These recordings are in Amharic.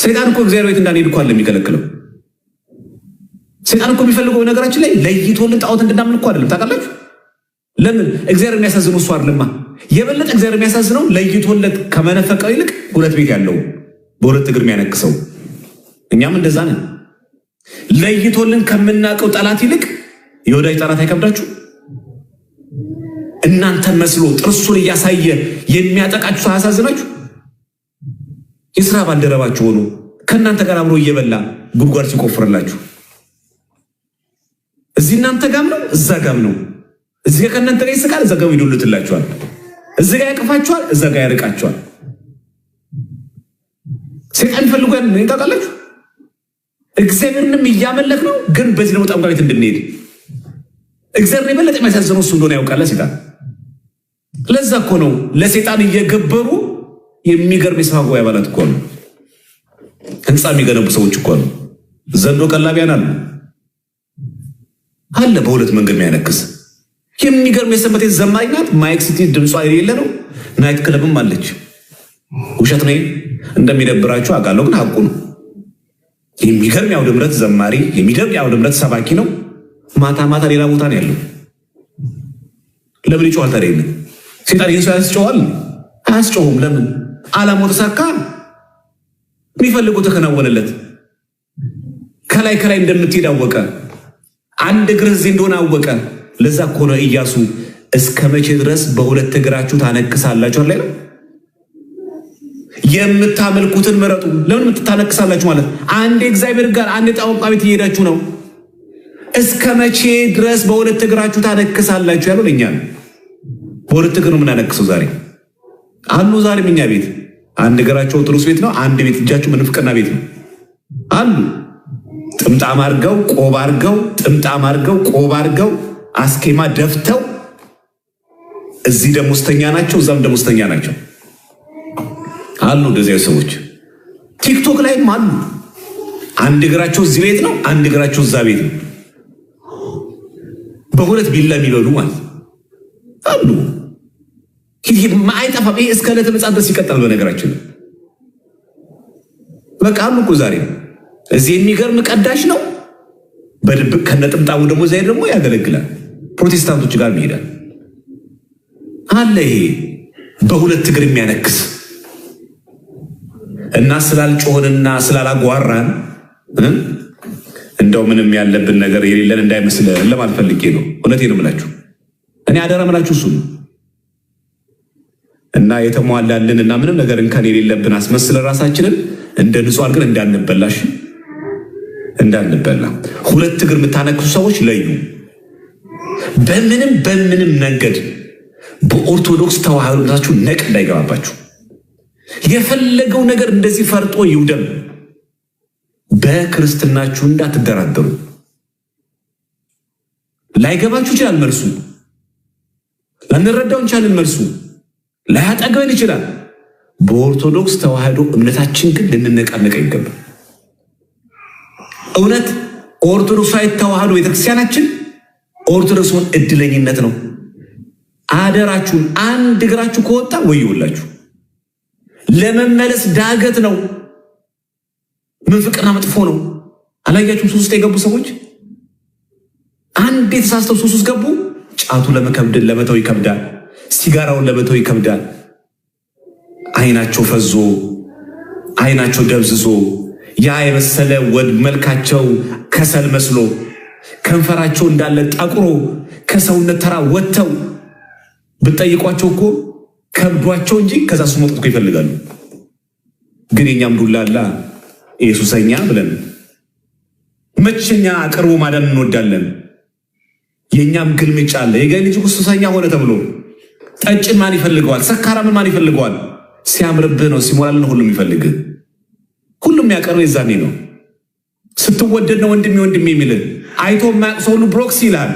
ሰይጣን እኮ እግዚአብሔር ቤት እንዳንሄድ እኮ አለ የሚከለክለው። ሰይጣን እኮ የሚፈልገው ነገራችን ላይ ለይቶልን ጣዖት እንድናምን እኮ አይደለም። ታውቃላችሁ ለምን? እግዚአብሔር የሚያሳዝነው እሱ አይደለማ። የበለጠ እግዚአብሔር የሚያሳዝነው ለይቶለት ከመነፈቀው ይልቅ ሁለት ቤት ያለው በሁለት እግር የሚያነክሰው። እኛም እንደዛ ነን። ለይቶልን ከምናውቀው ጠላት ይልቅ የወዳጅ ጠላት አይከብዳችሁ? እናንተን መስሎ ጥርሱን እያሳየ የሚያጠቃችሁ ሳያሳዝናችሁ የስራ ባልደረባችሁ ሆኖ ከእናንተ ጋር አብሮ እየበላ ጉድጓድ ሲቆፍርላችሁ እዚህ እናንተ ጋም ነው፣ እዛ ጋም ነው። እዚህ ጋር ከእናንተ ጋር ይስቃል፣ እዛ ጋም ይዶልትላችኋል። እዚህ ጋር ያቅፋችኋል፣ እዛ ጋር ያርቃችኋል። ሴጣን ፈልጎ ያን ታውቃላችሁ። እግዚአብሔርንም እያመለክ ነው፣ ግን በዚህ ነው ጠምቋ ቤት እንድንሄድ እግዚአብሔር የበለጠ የሚያሳዝነው እሱ እንደሆነ ያውቃለ ሴጣን። ለዛ እኮ ነው ለሴጣን እየገበሩ የሚገርም የሰፋጎ አባላት እኮ ነው። ህንፃ የሚገነቡ ሰዎች እኮ ነው። ዘንዶ ቀላቢያን አሉ አለ በሁለት መንገድ የሚያነክስ የሚገርም የሰንበቴ ዘማኝ ናት። ማይክ ሲቲ ድምጿ የሌለ ነው። ናይት ክለብም አለች። ውሸት ነ እንደሚደብራችሁ አውቃለሁ፣ ግን ሀቁ ነው። የሚገርም የአውደ ምሕረት ዘማሪ፣ የሚገርም የአውደ ምሕረት ሰባኪ ነው። ማታ ማታ ሌላ ቦታ ነው ያለው። ለምን ይጨዋል ታዲያ? ሴጣን ይህን ሰው ያስጨዋል። አያስጮሁም። ለምን አላማው ተሳካ፣ የሚፈልገው ተከናወነለት። ከላይ ከላይ እንደምትሄድ አወቀ። አንድ እግር እዚህ እንደሆነ አወቀ። ለዛ ከሆነ እያሱ እስከ መቼ ድረስ በሁለት እግራችሁ ታነክሳላችሁ? አለ የምታመልኩትን ምረጡ። ለምን የምትታነክሳላችሁ ማለት አንዴ እግዚአብሔር ጋር አንዴ ጣዖት ቤት እየሄዳችሁ ነው። እስከ መቼ ድረስ በሁለት እግራችሁ ታነክሳላችሁ? ያሉ ለእኛ ነው። በሁለት እግር ነው የምናነክሰው ዛሬ አሉ። ዛሬም እኛ ቤት አንድ እግራቸው ጥሩስ ቤት ነው፣ አንድ ቤት እጃቸው ምንፍቅና ቤት ነው አሉ። ጥምጣም አርገው ቆብ አርገው ጥምጣም አርገው ቆብ አርገው አስኬማ ደፍተው እዚህ ደሞዝተኛ ናቸው፣ እዛም ደሞዝተኛ ናቸው አሉ። እንደዚያ ሰዎች ቲክቶክ ላይም አሉ። አንድ እግራቸው እዚህ ቤት ነው፣ አንድ እግራቸው እዛ ቤት ነው። በሁለት ቢላ የሚበሉ ማለት አሉ። ማይጠፋም ይሄ እስከ ዕለተ ምጽአት ድረስ ይቀጥላል። በነገራችን በቃ አሉ እኮ ዛሬ እዚህ የሚገርም ቀዳሽ ነው። በድብቅ ከነጥምጣሙ ደግሞ ዛሬ ደግሞ ያገለግላል። ፕሮቴስታንቶች ጋር ይሄዳል አለ። ይሄ በሁለት እግር የሚያነክስ እና ስላልጮሆንና ስላላጓራን እንደው ምንም ያለብን ነገር የሌለን እንዳይመስል ለማልፈልጌ ነው። እውነቴን ነው የምላችሁ እኔ አደራ የምላችሁ እሱ ነው እና የተሟላልን እና ምንም ነገር እንከን የሌለብን አስመስለ ራሳችንን እንደ ንጹህ አድርገን እንዳንበላሽ እንዳንበላ ሁለት እግር የምታነክሱ ሰዎች ለዩ። በምንም በምንም መንገድ በኦርቶዶክስ ተዋህዶ ነቅ እንዳይገባባችሁ። የፈለገው ነገር እንደዚህ ፈርጦ ይውደም። በክርስትናችሁ እንዳትደራደሩ። ላይገባችሁ ይችላል መልሱ፣ ላንረዳው እንችላለን መልሱ ላያጠግበን ይችላል። በኦርቶዶክስ ተዋህዶ እምነታችን ግን ልንነቃነቀ ይገባል። እውነት ኦርቶዶክሳዊ ተዋህዶ ቤተክርስቲያናችን ኦርቶዶክስን እድለኝነት ነው። አደራችሁን አንድ እግራችሁ ከወጣ ወይውላችሁ፣ ለመመለስ ዳገት ነው። ምንፍቅና መጥፎ ነው። አላያችሁም? ሱስ ውስጥ የገቡ ሰዎች አንድ የተሳስተው ሱስ ውስጥ ገቡ። ጫቱ ለመከብደን ለመተው ይከብዳል። ሲጋራውን ለመተው ይከብዳል። አይናቸው ፈዞ፣ አይናቸው ደብዝዞ፣ ያ የበሰለ ወድ መልካቸው ከሰል መስሎ፣ ከንፈራቸው እንዳለ ጠቁሮ ከሰውነት ተራ ወጥተው ብጠይቋቸው እኮ ከብዷቸው እንጂ ከዛ ሱስ እኮ ይፈልጋሉ። ግን የኛም ዱላላ ኢየሱሰኛ ብለን መቸኛ ቅርቡ ማዳን እንወዳለን። የእኛም ግልምጫ አለ። የገሊጅ ሱሰኛ ሆነ ተብሎ ጠጭን ማን ይፈልገዋል? ሰካራምን ማን ይፈልገዋል? ሲያምርብህ ነው ሲሞላልን ሁሉም ይፈልግ ሁሉም ያቀርብ የዛኔ ነው ስትወደድ ነው ወንድሜ ወንድሜ የሚል አይቶ የማያውቅ ሰው ሁሉ ብሮክስ ይላል።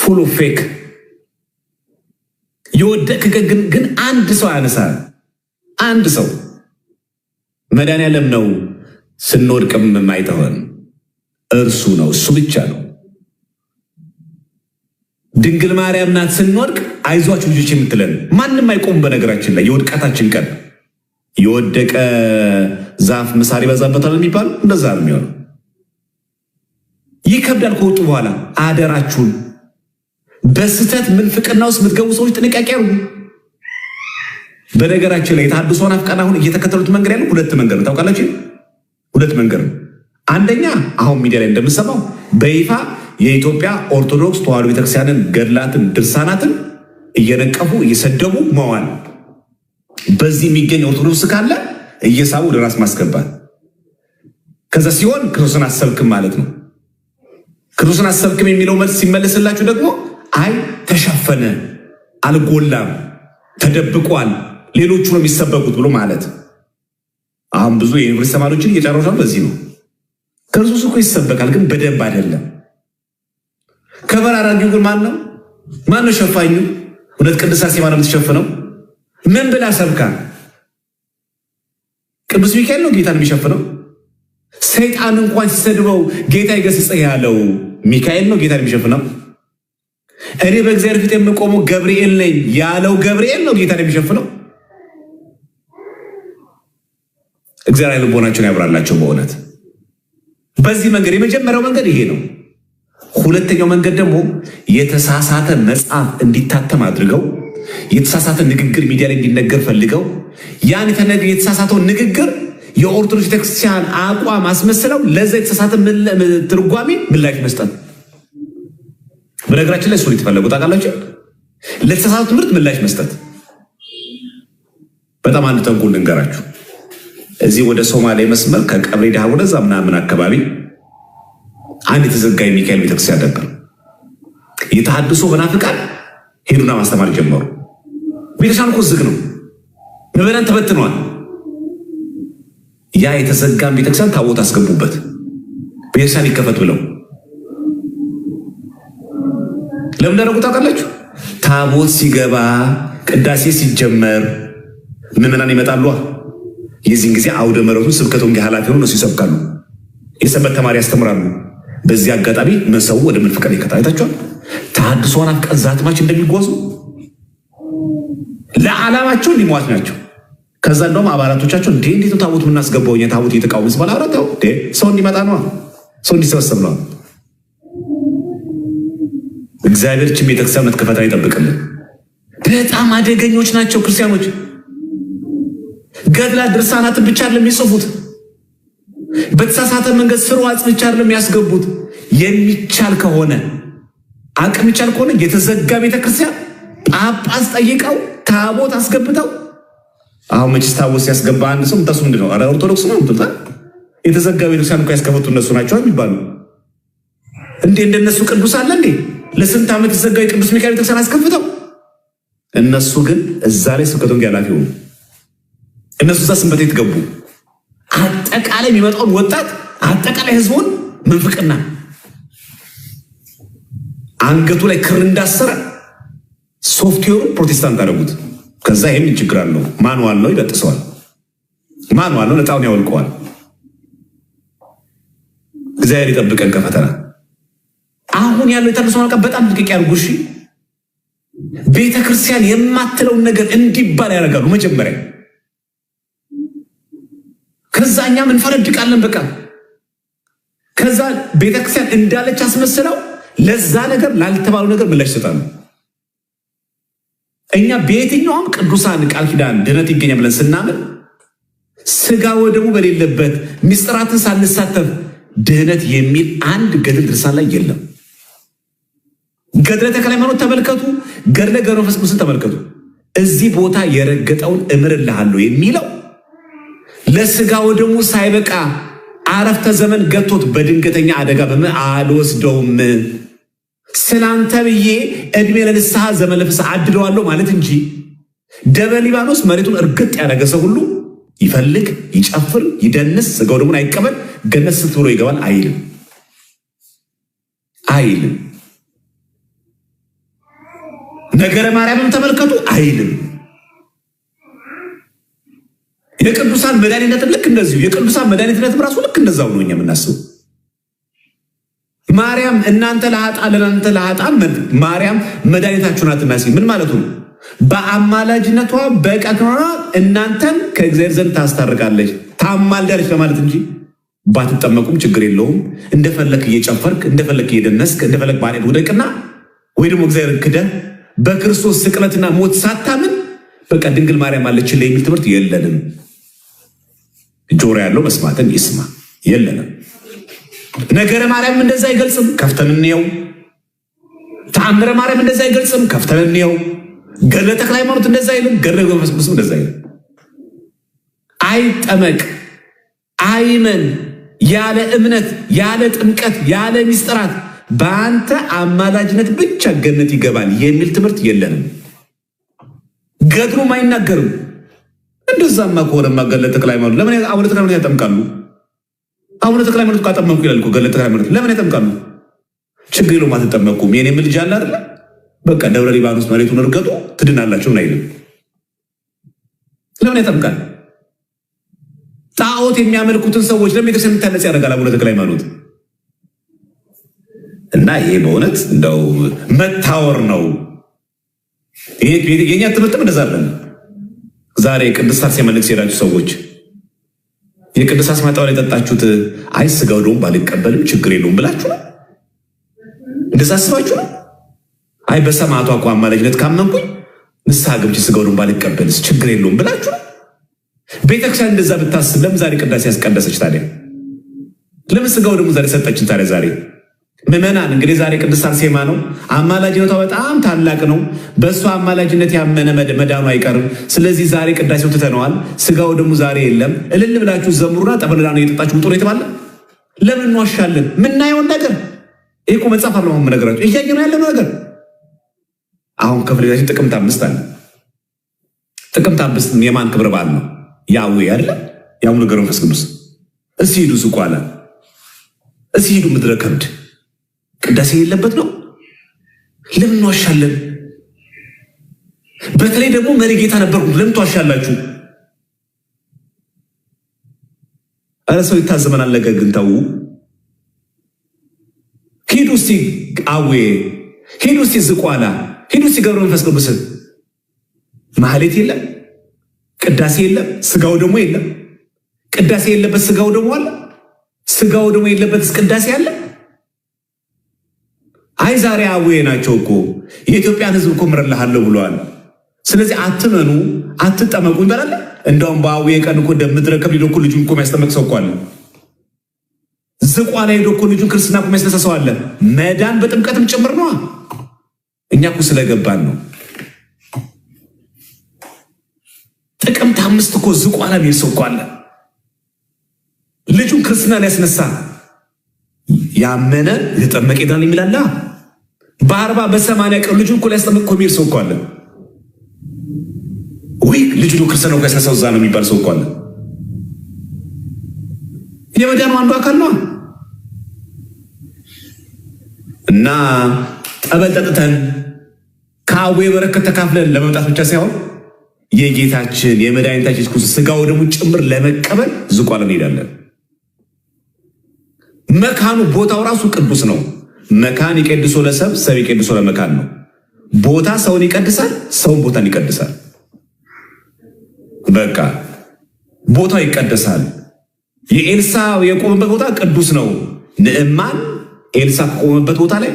ፉሉ ፌክ የወደቅህ ግን ግን አንድ ሰው ያነሳ አንድ ሰው መድኃኒዓለም ነው። ስንወድቅም የማይተወን እርሱ ነው። እሱ ብቻ ነው። ድንግል ማርያም ናት ስንወድቅ አይዟችሁ ልጆች የምትለን ማንም አይቆም። በነገራችን ላይ የውድቀታችን ቀን የወደቀ ዛፍ ምሳር ይበዛበታል የሚባለው እንደዛ ነው የሚሆነው። ከብዳል። ከወጡ በኋላ አደራችሁን በስህተት ምንፍቅና ውስጥ የምትገቡ ሰዎች ጥንቃቄ ያሉ። በነገራችን ላይ የተሐድሶን አፍቃን አሁን እየተከተሉት መንገድ ያለው ሁለት መንገድ ነው። ታውቃላችሁ፣ ሁለት መንገድ ነው። አንደኛ አሁን ሚዲያ ላይ እንደምሰማው በይፋ የኢትዮጵያ ኦርቶዶክስ ተዋሕዶ ቤተክርስቲያንን ገድላትን፣ ድርሳናትን እየነቀፉ እየሰደቡ መዋል፣ በዚህ የሚገኝ ኦርቶዶክስ ካለ እየሳቡ ለራስ ማስገባት፣ ከዛ ሲሆን ክርስቶስን አሰብክም ማለት ነው። ክርስቶስን አሰብክም የሚለው መልስ ሲመለስላችሁ ደግሞ አይ ተሸፈነ፣ አልጎላም፣ ተደብቋል፣ ሌሎቹ ነው የሚሰበኩት ብሎ ማለት አሁን ብዙ የዩኒቨርስቲ ተማሪዎችን እየጨረሻ በዚህ ነው። ክርስቶስ እኮ ይሰበካል፣ ግን በደንብ አይደለም። ከበራራ እንዲሁ ግን ማን ነው ማን ነው ሸፋኙ? እውነት ቅድስት አርሴማ ነው የምትሸፍነው? ምን ብላ ሰብካ? ቅዱስ ሚካኤል ነው ጌታን የሚሸፍነው። ሰይጣን እንኳን ሲሰድበው ጌታ ይገስጽህ ያለው ሚካኤል ነው ጌታን የሚሸፍነው። እኔ በእግዚአብሔር ፊት የምቆመው ገብርኤል ነኝ ያለው ገብርኤል ነው ጌታን የሚሸፍነው። እግዚአብሔር ልቦናቸውን ያብራላቸው። በእውነት በዚህ መንገድ የመጀመሪያው መንገድ ይሄ ነው። ሁለተኛው መንገድ ደግሞ የተሳሳተ መጽሐፍ እንዲታተም አድርገው የተሳሳተ ንግግር ሚዲያ ላይ እንዲነገር ፈልገው ያን የተሳሳተውን ንግግር የኦርቶዶክስ ቤተክርስቲያን አቋም አስመስለው ለዛ የተሳሳተ ትርጓሜ ምላሽ መስጠት። በነገራችን ላይ እሱን የተፈለጉ ታውቃላችሁ። ለተሳሳተ ትምህርት ምላሽ መስጠት በጣም አንድ ተንኮል ልንገራችሁ። እዚህ ወደ ሶማሌ መስመር ከቀብሬ ዳህ ወደዛ ምናምን አካባቢ አንድ የተዘጋ የሚካኤል ቤተክርስቲያን ነበር። የተሃድሶ መናፍቃን ሄዱና ማስተማር ጀመሩ። ቤተክርስቲያን እኮ ዝግ ነው፣ ምዕመናን ተበትነዋል። ያ የተዘጋን ቤተክርስቲያን ታቦት አስገቡበት፣ ቤተክርስቲያን ይከፈት ብለው። ለምን ደረጉ ታውቃላችሁ? ታቦት ሲገባ ቅዳሴ ሲጀመር ምዕመናን ይመጣሉ። የዚህን ጊዜ አውደ መረቱን ስብከት ወንጌል ኃላፊ ሆነው ሲሰብካሉ፣ የሰንበት ተማሪ ያስተምራሉ። በዚህ አጋጣሚ መሰው ወደ መድፈቀ ሊቀጣ አይታችኋል። ተሐድሶን አቀዛትማች እንደሚጓዙ ለዓላማቸው ሊሟት ናቸው። ከዛ እንደውም አባላቶቻቸው እንዴ እንዴት ነው ታቦት የምናስገባው? ታቦት እየተቃወሙ ስባል አረጠው ሰው እንዲመጣ ነዋ፣ ሰው እንዲሰበሰብ ነዋ። እግዚአብሔር ችም የቤተክርስቲያን መትከፈታ ይጠብቅልን። በጣም አደገኞች ናቸው ክርስቲያኖች። ገድላ ድርሳናትን ብቻ ለሚጽፉት በተሳሳተ መንገድ ስሩ አጽንቻ አይደለም ያስገቡት። የሚቻል ከሆነ አቅም ይቻል ከሆነ የተዘጋ ቤተክርስቲያን ጳጳስ ጠይቀው ታቦት አስገብተው አሁን መቼስ ታቦት ሲያስገባ አንድ ሰው ምታሱ ምንድ ነው? ኧረ ኦርቶዶክስ ነው ምትታ የተዘጋ ቤተክርስቲያን እኮ ያስከፈቱ እነሱ ናቸው የሚባሉ እንዴ! እንደነሱ ቅዱስ አለ እንዴ? ለስንት ዓመት የተዘጋ የቅዱስ ሚካኤል ቤተክርስቲያን አስከፍተው እነሱ ግን እዛ ላይ ስብከት ወንጌል ኃላፊ ሆኑ። እነሱ እዛ ስንበት የት ገቡ? አጠቃላይ የሚመጣውን ወጣት አጠቃላይ ህዝቡን ምንፍቅና አንገቱ ላይ ክር እንዳሰረ ሶፍትዌሩን ፕሮቴስታንት አደረጉት። ከዛ ይህም ችግር አለው። ማንዋል ነው ይበጥሰዋል። ማንዋል ነው ነጣውን ያወልቀዋል። እግዚአብሔር ይጠብቀን ከፈተና። አሁን ያለው የተነሱ ማልቃ በጣም ጥቅቅ ያርጉ። እሺ ቤተክርስቲያን የማትለውን ነገር እንዲባል ያደርጋሉ መጀመሪያ ከዛ እኛም እንፈረድቃለን። በቃ ከዛ ቤተክርስቲያን እንዳለች አስመስለው ለዛ ነገር ላልተባለው ነገር ምላሽ ይሰጣሉ። እኛ በየትኛውም ቅዱሳን ቃል ኪዳን ድነት ይገኛል ብለን ስናምን ስጋ ወደሙ በሌለበት ሚስጥራትን ሳንሳተፍ ድህነት የሚል አንድ ገድል ድርሳን ላይ የለም። ገድለ ተክለ ሃይማኖት ተመልከቱ፣ ገድለ ገብረ መንፈስ ቅዱስን ተመልከቱ። እዚህ ቦታ የረገጠውን እምርልሃለሁ የሚለው ለስጋ ወደሙ ሳይበቃ አረፍተ ዘመን ገቶት በድንገተኛ አደጋ በምን አልወስደውም ስላንተ ብዬ እድሜ ለንስሐ ዘመን ለፍስሐ አድለዋለሁ ማለት እንጂ ደብረ ሊባኖስ መሬቱን እርግጥ ያደረገ ሰው ሁሉ ይፈልግ፣ ይጨፍር፣ ይደንስ፣ ስጋው ደግሞ አይቀበል ገነት ስት ብሎ ይገባል አይልም አይልም። ነገረ ማርያምም ተመልከቱ አይልም። የቅዱሳን መድኃኒትነትም ልክ እንደዚሁ የቅዱሳን መድኃኒትነትም ራሱ ልክ እንደዛው ነው እኛ የምናስበው። ማርያም እናንተ ለሀጣ ለእናንተ ለሀጣን ማርያም መድኃኒታችሁ ናትና ሲል ምን ማለቱ ነው? በአማላጅነቷ በቀኖና እናንተን ከእግዚአብሔር ዘንድ ታስታርቃለች ታማልዳለች ለማለት እንጂ ባትጠመቁም ችግር የለውም። እንደፈለክ እየጨፈርክ እንደፈለክ እየደነስክ እንደፈለክ ባሬድ ውደቅና ወይ ደግሞ እግዚአብሔር ክደ በክርስቶስ ስቅለትና ሞት ሳታምን በቃ ድንግል ማርያም አለችን የሚል ትምህርት የለንም። ጆሮ ያለው መስማትን ይስማ። የለንም ነገረ ማርያም እንደዛ አይገልጽም፣ ከፍተን እንየው። ተአምረ ማርያም እንደዛ አይገልጽም፣ ከፍተን እንየው። ገድለ ተክለ ሃይማኖት እንደዛ አይልም፣ ገድለ ገብረ እንደዛ አይልም። አይጠመቅ አይመን ያለ እምነት ያለ ጥምቀት ያለ ሚስጥራት በአንተ አማላጅነት ብቻ ገነት ይገባል የሚል ትምህርት የለንም። ገድሉም አይናገርም። እንደዛማ ከሆነማ ገለ ተክለ ሃይማኖት ለምን አቡነ ተክለ ሃይማኖት ያጠምቃሉ? አቡነ ተክለ ሃይማኖት ካጠመቁ ይላል እኮ ገለ ተክለ ሃይማኖት ለምን ያጠምቃሉ? ችግር የለውም አትጠመቁም። የኔም ልጅ አለ አይደለ? በቃ ደብረ ሊባኖስ መሬቱን እርገጡ ትድናላችሁ ምን አይልም። ለምን ያጠምቃል? ጣዖት የሚያመልኩትን ሰዎች ለምን ቤተሰብ የሚታነጽ ያደርጋል አቡነ ተክለ ሃይማኖት? እና ይሄ በእውነት እንደው መታወር ነው። የኛ ትምህርትም እንደዛ አለን። ዛሬ ቅድስት አርሴማ ንግሥ የሄዳችሁ ሰዎች የቅድስት አርሴማ ዕጣን የጠጣችሁት አይ ስጋው ደም ባልቀበልም ችግር የለውም ብላችሁ ነው እንደዛ አስባችሁ ነው። አይ በሰማዕቷ እኮ አማላጅነት ካመንኩኝ ንስሐ ገብቼ ስጋው ደም ባልቀበልስ ችግር የለውም ብላችሁ ነው። ቤተክርስቲያን እንደዛ ብታስብ ለምን ዛሬ ቅዳሴ ያስቀደሰች ታዲያ? ለምን ስጋው ደግሞ ዛሬ ሰጠችን ታዲያ ዛሬ ምእመናን እንግዲህ ዛሬ ቅድስት አርሴማ ነው። አማላጅነቷ በጣም ታላቅ ነው። በእሷ አማላጅነት ያመነ መዳኑ አይቀርም። ስለዚህ ዛሬ ቅዳሴው ትተነዋል። ስጋው ደግሞ ዛሬ የለም። እልል ብላችሁ ዘምሩና ጠበለላ ነው የጠጣችሁ ጥሩ ነው የተባለ። ለምን እንዋሻለን? ምናየውን ነገር ይህ እኮ መጽሐፍ አለ መነገራቸው እያየ ነው ያለ ነገር። አሁን ከፍለታችን ጥቅምት አምስት አለ። ጥቅምት አምስት የማን ክብረ በዓል ነው? ያዌ አለ ያሁኑ ነገር መንፈስ ቅዱስ እስሂዱ ስቋላ እስሂዱ ምድረ ከብድ ቅዳሴ የሌለበት ነው። ለምን ዋሻለን? በተለይ ደግሞ መሪ ጌታ ነበርኩ ለምን ትዋሻላችሁ? እረ ሰው ይታዘበናል። ነገር ግን ተው ሂዱ እስቲ አዌ ሂዱ እስቲ ዝቋላ ሂዱ እስቲ ገብረ መንፈስ ቅዱስ። ማህሌት የለም፣ ቅዳሴ የለም፣ ስጋው ደግሞ የለም። ቅዳሴ የለበት ስጋው ደግሞ አለ። ስጋው ደግሞ የለበት ቅዳሴ አለ። አይ ዛሬ አቡዬ ናቸው እኮ የኢትዮጵያን ህዝብ እኮ ምረልሃለሁ ብለዋል። ስለዚህ አትመኑ፣ አትጠመቁ ይበላል። እንደውም በአቡዬ ቀን እኮ እንደምትረከብ ሊዶ እኮ ልጁን እኮ የሚያስጠመቅ ሰው እኮ አለ። ዝቋ ላይ ሄዶ እኮ ልጁን ክርስትና እኮ የሚያስነሳ ሰው አለ። መዳን በጥምቀትም ጭምር ነዋ። እኛ እኮ ስለገባን ነው። ጥቅምት አምስት እኮ ዝቋ ላይ ሰው እኮ አለ። ልጁን ክርስትና ሊያስነሳ ያመነ የተጠመቀ ይዳን የሚላላ በአርባ በሰማንያ ቀን ልጁን እኮ ሊያስጠምቅ እኮ የሚሄድ ሰው እኮ አለ። ወይ ልጁ ክርስትና ነው ከሰሰው እዛ ነው የሚባል ሰው እኮ አለ። የመዳኑ አንዱ አካል ነው እና ጠበል ጠጥተን ከአቡ የበረከት ተካፍለን ለመምጣት ብቻ ሳይሆን የጌታችን የመድኃኒታችን ስኩስ ስጋው ደግሞ ጭምር ለመቀበል ዝቋል እንሄዳለን። መካኑ ቦታው ራሱ ቅዱስ ነው። መካን ይቀድሶ ለሰብ ሰብ ይቀድሶ ለመካን ነው። ቦታ ሰውን ይቀድሳል፣ ሰውን ቦታን ይቀድሳል። በቃ ቦታው ይቀደሳል። የኤልሳ የቆመበት ቦታ ቅዱስ ነው። ንዕማን ኤልሳ ከቆመበት ቦታ ላይ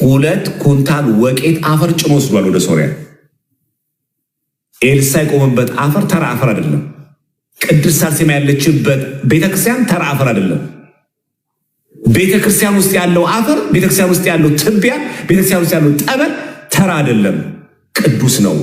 ሁለት ኩንታል ወቄት አፈር ጭኖ ወስዷል ወደ ሶሪያ። ኤልሳ የቆመበት አፈር ተራ አፈር አይደለም። ቅድስት አርሴማ ያለችበት ቤተክርስቲያን ተራ አፈር አይደለም። ቤተ ክርስቲያን ውስጥ ያለው አፈር፣ ቤተክርስቲያን ውስጥ ያለው ትቢያ፣ ክርስቲያን ውስጥ ያለው ጠበል ተራ አይደለም፣ ቅዱስ ነው።